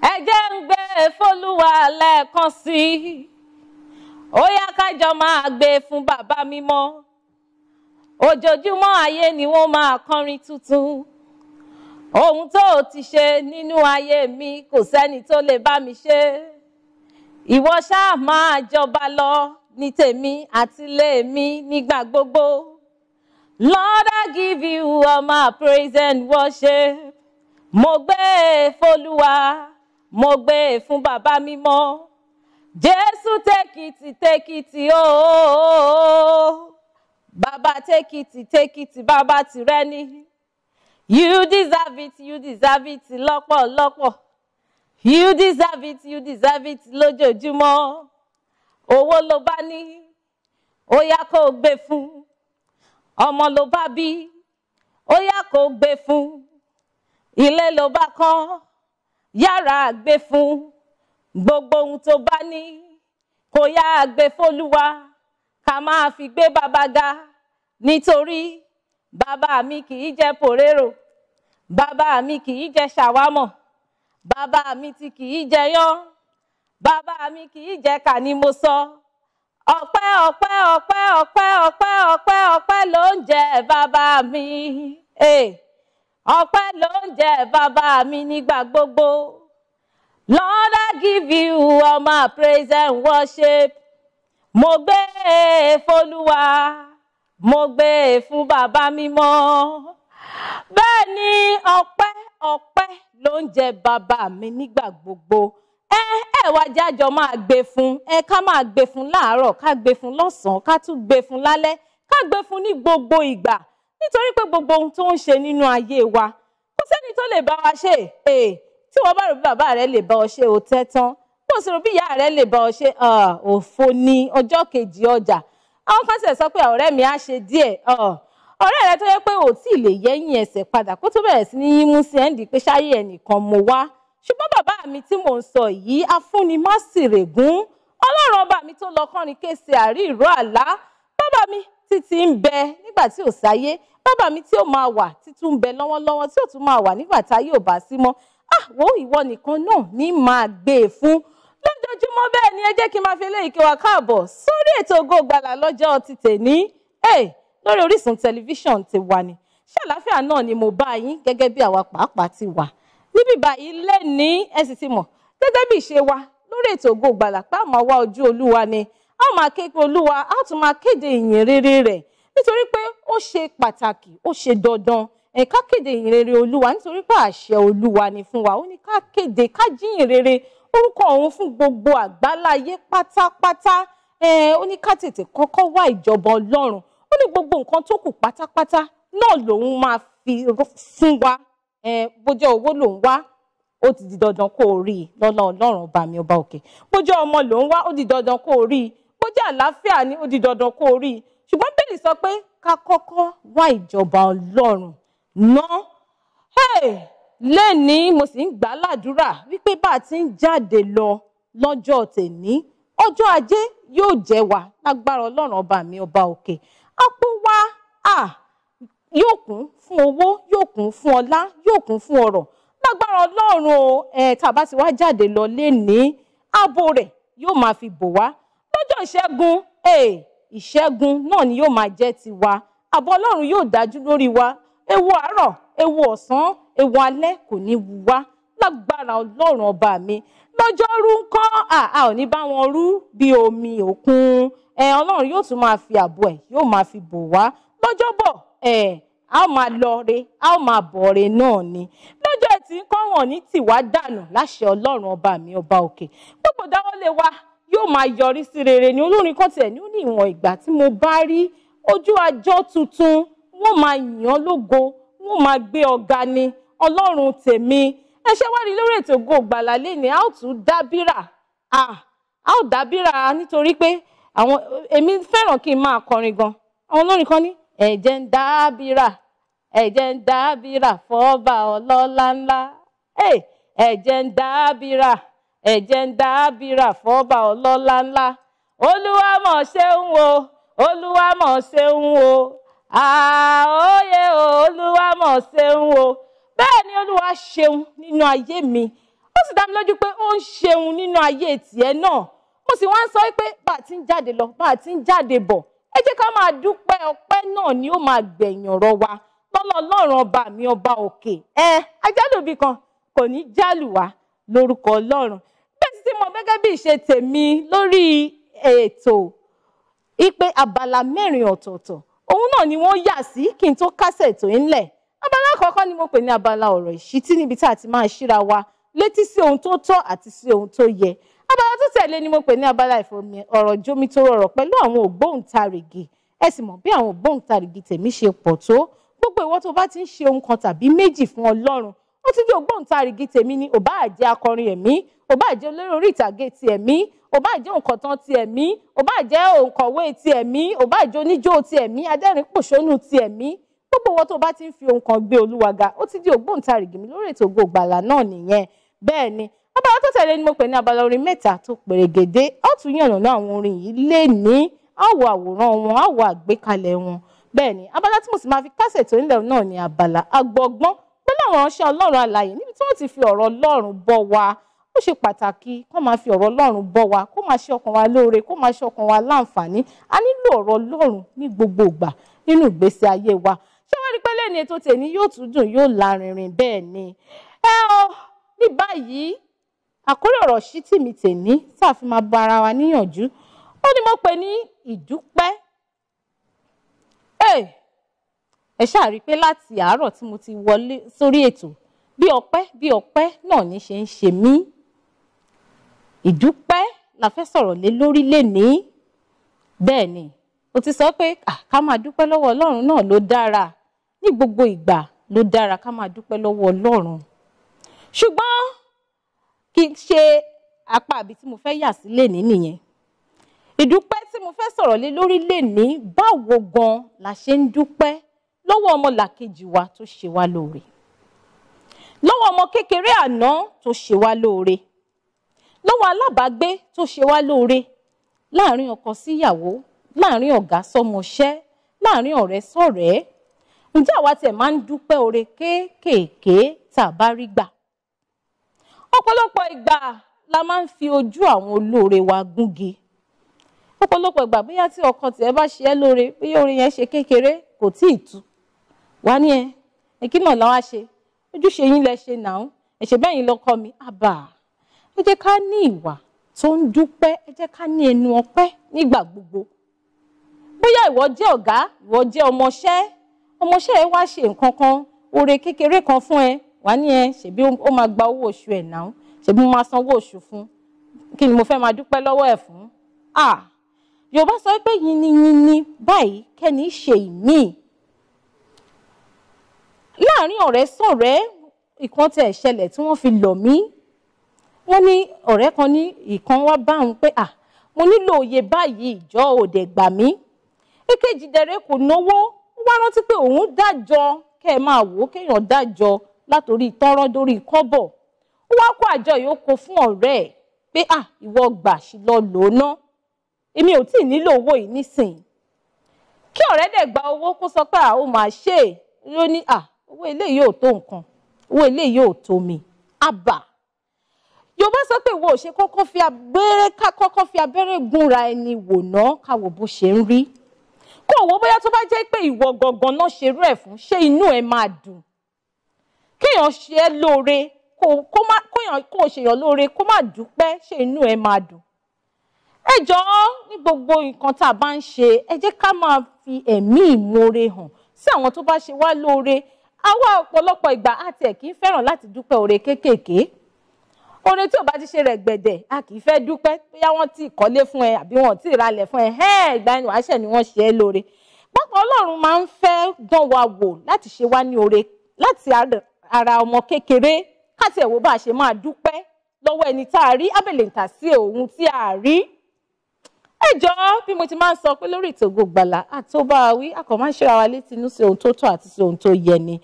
ẹ jẹ́ ń gbé fólúwa lẹ́ẹ̀kan sí i ó yá kájọ máa gbé e fún bàbá mímọ́ ojoojúmọ́ ayé ni wọ́n máa kọrin tuntun ohun tó o ti ṣe nínú ayé mi kò sẹ́ni tó lè bá mi ṣe ìwọ ṣáà máa jọba lọ ní tèmi àti ilé mi nígbà gbogbo Lord I give you all my praise and worship mo gbé e f'Olúwa mo gbé e fún bàbá mi mọ́ jésù tẹ́kìtì tẹ́kìtì ooo bàbá tẹ́kìtì tẹ́kìtì bàbá tìrẹ ni you deserve it you deserve it lọ́pọ̀lọpọ̀ you deserve it you deserve it lójoojúmọ́ owó ló bá ní ó yá kó o gbé fún ọmọ ló bá bí ó yá kó o gbé fún ilé ló bá kọ́ yára gbé fún gbogbo ohun tó bá ní kò yá gbé fólúwa ká máa fi gbé bàbá ga nítorí bàbá mi kì í jẹ pòrérò bàbá mi kì í jẹ ṣàwámọ̀ bàbá mi ti kì í jẹ yán bàbá mi kì í jẹ kà ni mo sọ ọpẹ́ ọpẹ́ ọpẹ́ ọpẹ́ ọpẹ́ ló ń jẹ bàbá mi. Hey. ọpẹ́ ló ń jẹ́ bàbá mi nígbà gbogbo Lord I give you all my praise and worship mo gbé e f'Olúwa mo gbé e fún bàbá mi mọ́ bẹ́ẹ̀ ni ọpẹ́ ọpẹ́ ló ń jẹ́ bàbá mi nígbà gbogbo ẹ ẹ wá jájọ máa gbé fún ẹ ká máa gbé fún láàárọ̀ ká gbé fún lọ́sànán ká tún gbé fún lálẹ́ ká gbé fún ní gbogbo ìgbà nítorí pé gbogbo ohun tó ń ṣe nínú ayé wa kò sẹ́ni tó lè bá wa ṣe é eh, tí wọ́n bá rò bí bàbá rẹ lè bá ọ ṣe ò tẹ́ bó o sì rò bí ìyá rẹ lè bá ọ ṣe òfo ní ọjọ́ kejì ọjà àwọn kan sì sọ pé ọ̀rẹ́ mi á ṣe díẹ̀ ọ̀rẹ́ rẹ tó yẹ pé ò tí ì lè yẹ́yìn ẹsẹ̀ padà kó tó bẹ̀rẹ̀ sí ní yín sí ẹ́ǹdì pé ṣáyé ẹnìkan mo wá ṣùgbọ́n bàbá mi tí mò ń sọ yìí afúnimásìrègún ọlọ́run ọba mi tó lọ kọ́ni kése àrí ìró àlá bàbá mi títí ń bẹ nígbà tí ò sáyé bàbá mi tí ó máa wà títún ń bẹ lọ́wọ́lọ́wọ́ tí ò tún máa wà nígbà táyé ò bá sí mọ́ ah wo ìwọ nìkan náà ní máa gbé e fún lójoojúmọ́ bẹ́ẹ̀ ni ẹ jẹ́ kí n máa fi eléyìí kí wa káàbọ̀ sórí ètò Ògo Ìgbàlà lọ́jọ́ ti tèmi eh, lórí Orísun tẹlifíṣàn ti wà ní ṣàlàáfíà náà ni mo bá yín gẹ́gẹ́ bí àwa pàápàá ti wà níbi báyìí lẹ́ni ẹ gẹ́gẹ́ bí ìṣe wa lórí ètò Ògo Ìgbàlà pé ojú Olúwa ni a máa ké pé olúwa a tún máa kéde ìyìn rere rẹ̀ nítorí pé ó ṣe pàtàkì ó ṣe dandan ẹ kéde ìyìn rere olúwa nítorí pé àṣẹ olúwa ni fún wa ó ní ká kéde ká jíyìn rere orúkọ òun fún gbogbo àgbáláyé pátápátá ó ní ká tètè kọ́kọ́ wá ìjọba ọlọ́run ó ní gbogbo nǹkan tó kù pátápátá náà lòun máa fi fún wa ẹ bó jẹ́ owó lòun wá ó ti di dandan kó o rí i lọ́lá ọlọ́run ọba mi ọba òkè bójú ọmọ lòun wá ó di dandan kó o rí i jẹ́ àlàáfíà ni ó di dandan kó rí i ṣùgbọ́n bẹ́ẹ̀lì sọ pé ká kọ́kọ́ wá ìjọba ọlọ́run náà lẹ́ni mo sì ń gbà ládùúrà wípé bá a ti ń jáde lọ lọ́jọ́ tèmi ọjọ́ ajé yóò jẹ́ wa lágbára ọlọ́run ọba mi ọba òkè àpò wa yóò kún fún owó yóò kún fún ọlá yóò kún fún ọrọ̀ lágbára ọlọ́run o ẹ̀ tàbá ti wá jáde lọ lẹ́ni ààbò rẹ̀ yóò máa fi bò wá ọjọ́ ìṣẹ́gun eh, ìṣẹ́gun náà ni yóò máa jẹ́ tiwa àbọ̀ ọlọ́run yóò dájú lórí wa ewu àárọ̀ ewu ọ̀sán ewu alẹ́ kò ní wù wá lágbára ọlọ́run ọba mi lọ́jọ́rú ń kọ́ àá ò ní bá wọn rú bí omi òkun ọlọ́run yóò tún máa fi ààbò ẹ̀ yóò máa fi bò wá lọ́jọ́bọ̀ a ó máa lọre a ó máa bọ̀re náà ni lọ́jọ́ ẹtì ń kọ́ wọn ní tìwá dànù láṣẹ ọlọ́run ọba mi ọba òkè gbogbo dáwọ́lé wa yóò máa yọrí sí rere ni olórin kan tiẹ̀ ní ó ní ìwọ̀n ìgbà tí mo bá rí ojú àjọ tuntun wọ́n máa yàn án lógo wọ́n máa gbé ọ̀gá ni ọlọ́run tèmi ẹ ṣe wá rí lórí ètò Ògo Ìgbàlà lẹ́ni a ó tún dábìrà a ó dábìrà nítorí pé àwọn èmi fẹ́ràn kí n máa kọrin gan àwọn olórin kan ní ẹ̀jẹ̀ ń dábìrà ẹ̀jẹ̀ ń dábìrà fọ́ọ̀bà ọlọ́lá ńlá ẹ̀jẹ̀ ń dábìrà ẹ̀jẹ̀ ń da ábírà fọ́ba ọlọ́lá ńlá olúwa mọ̀ ṣeun o olúwa mọ̀ ṣeun o àóyè o olúwa mọ̀ ṣeun o bẹ́ẹ̀ ni olúwa ṣeun nínú ayé mi ó sì dá mi lójú pé ó ń ṣeun nínú ayé tiẹ̀ náà mo sì wá ń sọ pé bá a ti ń jáde lọ bá a ti ń jáde bọ̀ ẹ jẹ́ ká máa dúpẹ́ ọpẹ́ náà ni ó máa gbẹ̀yìn ọ̀rọ̀ wa lọ́lọ́ ọba mi ọba òkè ẹ ajálù bí kan kò ní jálù wá lórúkọ ọlọ́run bẹ́ẹ̀ sì mọ gẹ́gẹ́ bí ìṣe tèmi lórí ètò ìpè abala mẹ́rin ọ̀tọ̀ọ̀tọ̀ òun náà ni wọ́n yà sí kí n tó kásẹ̀ ètò yìí ńlẹ̀ abala àkọ́kọ́ ni mo pè ní abala ọ̀rọ̀ ìṣítí níbi tá a ti máa ṣíra wa létí sí ohun tó tọ́ àti sí ohun tó yẹ abala tó tẹ̀lé ni mo pè ní abala ìfọ̀mì ọ̀rọ̀ jomitoro ọ̀rọ̀ pẹ̀lú àwọn ògbóǹtarìgì ẹ sì mọ̀ bí àwọn ògbóǹtarìgì tèmi ṣe pọ̀ tó gbogbo ìwọ tó bá ti ń ṣe ohun kan tàbí méjì fún ọlọ́run ó tún jẹ́ ògbóǹtarìgì tèmi ni ò bá àjẹ́ akọrin ẹ̀mí ò bá àjẹ́ olórí orí ìtàgé ti ẹ̀mí ò bá àjẹ́ òǹkọ̀tàn ti ẹ̀mí ò bá àjẹ́ òǹkọ̀wé ti ẹ̀mí ò bá àjẹ́ oníjó ti ẹ̀mí adẹ́rìnpòṣónú ti ẹ̀mí gbogbo wọn tó bá ti ń fi ohun kan gbé Olúwa ga ó ti di ògbóǹtarìgì mi lórí ètò Ògo Ìgbàlà náà nìyẹn bẹ́ẹ̀ ni abala tó tẹ̀lé ni mo pè ní abala orin mẹ́ta tó pèrègèdè ó tún yànnàná àwọn orin yìí lé ní àwọ̀ àwòrán wọn àwọ̀ àgbékalẹ̀ wọn bẹ́ẹ̀ ni abala tí mo sì máa fi kásẹ̀ tó ńlẹ̀ náà ni abala agbọ̀gbọ́n àwọn ránṣẹ́ ọlọ́run alààyè níbi tí wọ́n ti fi ọ̀rọ̀ ọlọ́run bọ́ wa ó ṣe pàtàkì kó máa fi ọ̀rọ̀ ọlọ́run bọ́ wa kó máa ṣe ọkàn wa lóore kó máa ṣe ọkàn wa láǹfààní a nílò ọ̀rọ̀ ọlọ́run ní gbogbo ìgbà nínú ìgbésí ayé wa ṣé wọ́n rí pé lẹ́ni ètò tèmi yóò tún dùn yóò lárinrin bẹ́ẹ̀ ni ẹ ọ ní báyìí àkórí ọ̀rọ̀ sí tìmí tèmi tá a fi máa bá ara wa níyànjú ó ní mo pè ní ìdúpẹ́. Hey! ẹ ṣáà rí i pé láti àárọ̀ tí mo ti wọlé sórí ètò bí ọpẹ́ bí ọpẹ́ náà ní ṣe ń ṣe mí ìdúpẹ́ la fẹ́ sọ̀rọ̀ lé lórí lénìí bẹ́ẹ̀ ni o ti sọ pé ká máa dúpẹ́ lọ́wọ́ Ọlọ́run náà ló dára ní gbogbo ìgbà ló dára ká máa dúpẹ́ lọ́wọ́ Ọlọ́run ṣùgbọ́n kì í ṣe apá àbí tí mo fẹ́ yà sí lénìí nìyẹn ìdúpẹ́ tí mo fẹ́ sọ̀rọ̀ lé lórí lénìí báwo gan la ṣe ń dúpẹ́ lọ́wọ́ ọmọlàkejì wa tó ṣe wá lóore lọ́wọ́ ọmọ kékeré àná tó ṣe wá lóore lọ́wọ́ alábàágbé tó ṣe wá lóore láàrin ọkọ síyàwó láàrin ọ̀gá sọmọṣẹ́ láàrin ọ̀rẹ́ sọ̀rẹ́ ǹjẹ́ àwa tẹ̀ máa ń dúpẹ́ oore kéékèèké tá a bá rí gbà ọ̀pọ̀lọpọ̀ ìgbà la máa ń fi ojú àwọn olóore wa gúnge ọ̀pọ̀lọpọ̀ ìgbà bóyá tí ọkàn tiẹ̀ bá ṣe ẹ́ lóore bóyá oore yẹn ṣe kékeré kò tí tu wà á ní ẹ ẹ kí náà làwọn á ṣe ojúṣe yín lẹ ṣe nàá ẹ ṣe bẹ́ẹ̀ yín lọ́kọ́ mi àbà ẹ jẹ́ ká ní ìwà tó ń dúpẹ́ ẹ jẹ́ ká ní ẹnu ọpẹ́ nígbà gbogbo bóyá ìwọ jẹ́ ọ̀gá ìwọ jẹ́ ọmọṣẹ́ ọmọṣẹ́ ẹ wá ṣe nǹkan kan oore kékeré kan fún ẹ wà ní ẹ ṣèbí ó máa gba owó oṣù ẹ náà ṣèbí mo máa sanwó oṣù fún kí ni mo fẹ́ máa dúpẹ́ lọ́wọ́ ẹ fún ah yorùbá sọ pé yìnyín yìnyín báyìí kẹ́ni ṣe ìmíì láàrin ọ̀rẹ́ sọ̀rẹ́ ìkan tẹ̀ ṣẹlẹ̀ tí wọ́n fi lọ̀ mí wọ́n ní ọ̀rẹ́ kan ní ìkan wá bá òun pé à mo nílò òye báyìí ìjọ òde gbà mí èkejì dẹ̀rẹ́ kò náwó ó wá rántí pé òun dájọ́ kẹ́ ẹ máa wò ó kéèyàn dájọ́ látòrí tọ́rọ́ dórí kọ́bọ̀ ó wá kó àjọ ìyókò fún ọ̀rẹ́ ẹ̀ pé à ìwọ gbà sí lọ lò èmi ò tíì nílò owó yìí nísìnyí kí ọ̀rẹ́ dẹ̀ gba owó kó sọ pé à ó máa ṣe é ló ní à owó ilé yìí ò tó nǹkan owó ilé yìí tó mi àbà yorùbá sọ pé ìwọ ò ṣe fi abẹ́rẹ́ ká kọ́kọ́ fi abẹ́rẹ́ gúnra ẹni wò ná káwò bó ṣe ń rí kó òwò bóyá tó bá jẹ́ pé ìwọ gangan náà ṣerú ẹ̀ fún ṣé inú ẹ̀ máa dùn kéèyàn ṣe é lóore kó má kóyàn kó ṣèyàn lóore kó má dúpẹ́ ṣé inú ẹ̀ máa dùn ẹ jọ̀ọ́ ní gbogbo nǹkan tá a bá ń ṣe ẹ jẹ́ ká máa fi ẹ̀mí ìmoore hàn sí àwọn tó bá ṣe wá lóore àwa ọ̀pọ̀lọpọ̀ ìgbà àti ẹ̀ kì í fẹ́ràn láti dúpẹ́ oore kéékèèké oore tí ò bá ti ṣe rẹ̀ gbẹ̀dẹ̀ a kì í fẹ́ dúpẹ́ bóyá wọ́n ti kọ́lé fún ẹ àbí wọ́n ti ralẹ̀ fún ẹ ẹ́ ìgbà ẹnu àṣẹ ni wọ́n ṣe é lóore pápá ọlọ́run máa ń fẹ́ dán wa wò láti ṣe wá ní oore láti ara ọmọ kékeré káti ẹ̀ wo bá a ṣe máa dúpẹ́ lọ́wọ́ ẹni tá a rí abẹ́lẹ̀ ń tà sí òun tí a rí ẹ jọ bí mo ti máa ń sọ pé lórí ètò Ògo Ìgbàlà àtọ́báwí akọ̀ máa ń ṣe àwa létí inú sí ohun tó tọ́ àti sí ohun tó yẹ ni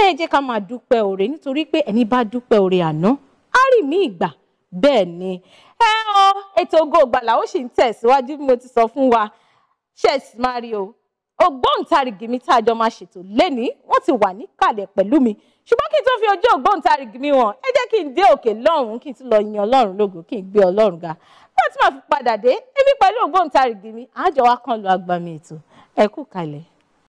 ẹ jẹ́ ká máa dúpẹ́ oore nítorí pé ẹni bá dúpẹ́ oore àná á rì mí ìgbà bẹ́ẹ̀ ni ẹ ọ ètò Ògo Ìgbàlà ó sì ń tẹ̀síwájú bí mo ti sọ fún wa chess mario ògbóǹtarìgì mi tá a jọ máa ṣètò lẹ́ni wọ́n ti wà níkàlẹ̀ pẹ̀lú mi ṣùgbọ́n kí n tó fi ojú ògbóǹtarìgì mi wọ̀n ẹ jẹ́ kí n dé òkè lọ́run kí n tún lọ yin ọlọ́run lógo kí n gbé ọlọ́run ga nígbà tí màá fi padà dé èmi pẹ̀lú ògbóǹtarìgì mi àjọ wa kan lu agbami ètò ẹ kú kalẹ̀.